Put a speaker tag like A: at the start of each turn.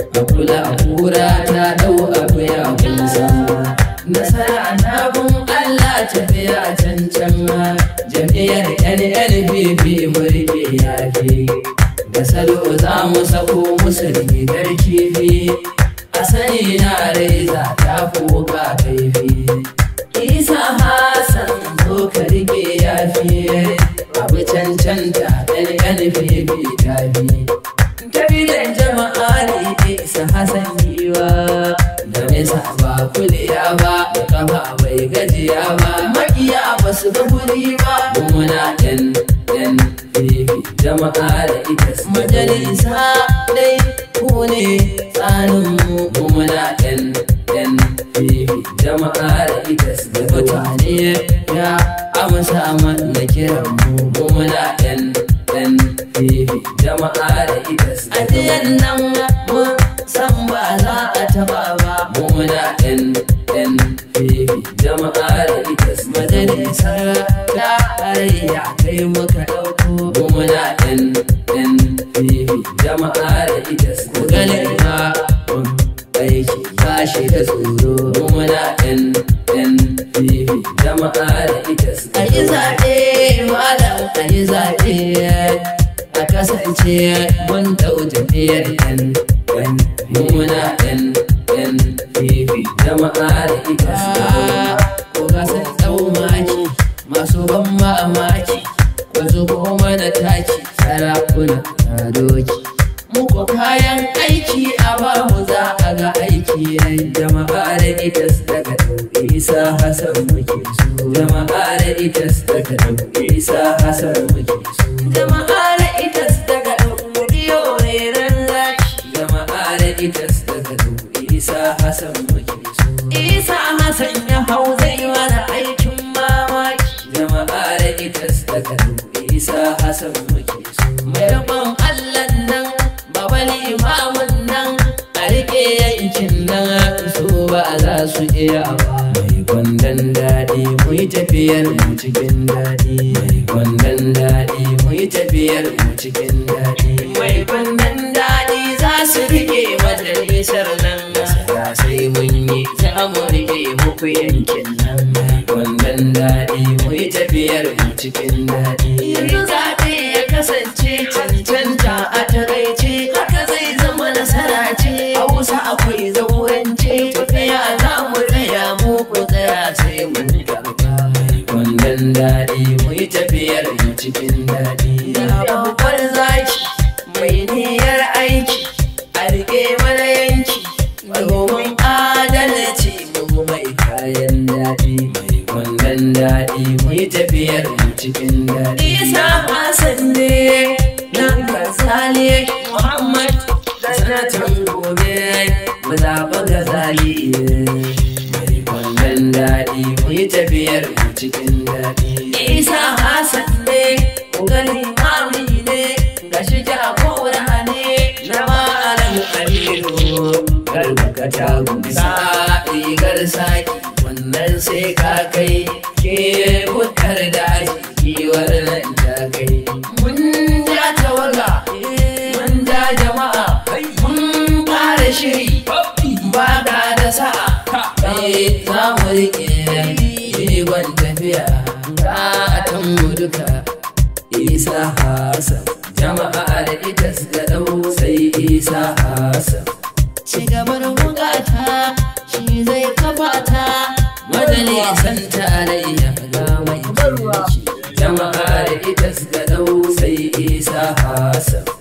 A: Akula kura ta dau akuya kun sama nasara na bin Allah tafiya cancan ma jami'ar NLBB mulki ya ke. da salo za mu sako musu garki kifi. a sani na raiza ta fuka kaifi isa hassan zo ka rike ya fiye. abu cancanta NLBB ta fi nesa ba kuliya ba da kafa bai gajiya ba makiya ba su ga guri ba muna yan yan fifi jama'a da ita majalisa dai ku ne tsanin mu muna yan yan jama'a da ita da mutane ya amsa mana kiran mu muna yan yan fifi jama'a da ita a nan mun san ba za a taba muna ɗan ɗan fefe jama'a da su. majalisar tarayya kai muka ɗauko muna ɗan ɗan fefe jama'a da itas kugalin ma aiki ba shi da tsoro muna ɗan ɗan fefe jama'a da ita su. a yi zaɓe malam a yi zaɓe a kasance mun ɗau jam'iyyar ɗan ɗan muna ɗan NPP jama'a da ita ko ka san tsaumaki masu ban ma'amaki ko su koma da taki sarakuna na doki muku kayan aiki a babu za a ga aiki yan jama'a da ita daga dauke isa hasan muke su jama'a da ita daga dauke isa hasan muke su jama'a da ita daga dauke mudiyo mai ran zaki jama'a da ita Hassan muke so. Isa Hassan ya hau zai mana aikin mamaki. Jama'a da ita da kanu Isa Hassan muke so. Mai rabon Allah nan, baba limamin nan, a rike yankin nan so ba za su iya ba. Mai gwandan daɗi mu yi tafiyar mu cikin daɗi. Mai gwandan daɗi mu yi tafiyar mu cikin daɗi. Mai gwandan daɗi za su riƙe majalisar nan. sai mun yi ta mu muku yankin nan wannan daɗi mu yi tafiyar mu cikin daɗi yanzu zaɓe ya kasance cancanta a taraice haka zai zama nasara ce hausa akwai zaurance tafiya za mu tsaya muku tsaya sai mun karɓa wannan daɗi mu yi tafiyar mu cikin daɗi daɗi mu yi tafiyar mu cikin daɗi isa hasan ne gani mami ne ga shi jagora ne na malam kalilu garba ta gumsa rigar saki wannan sai ka kai ke mutar da kiwar nan eh za mu rike jigon tafiya ra'atan mu duka isa hasan jama'ar ita da dau sai isa hasan ci gabar shi zai kafa ta majalisan ta alayya ga mai jama'a da ita da sai isa hasan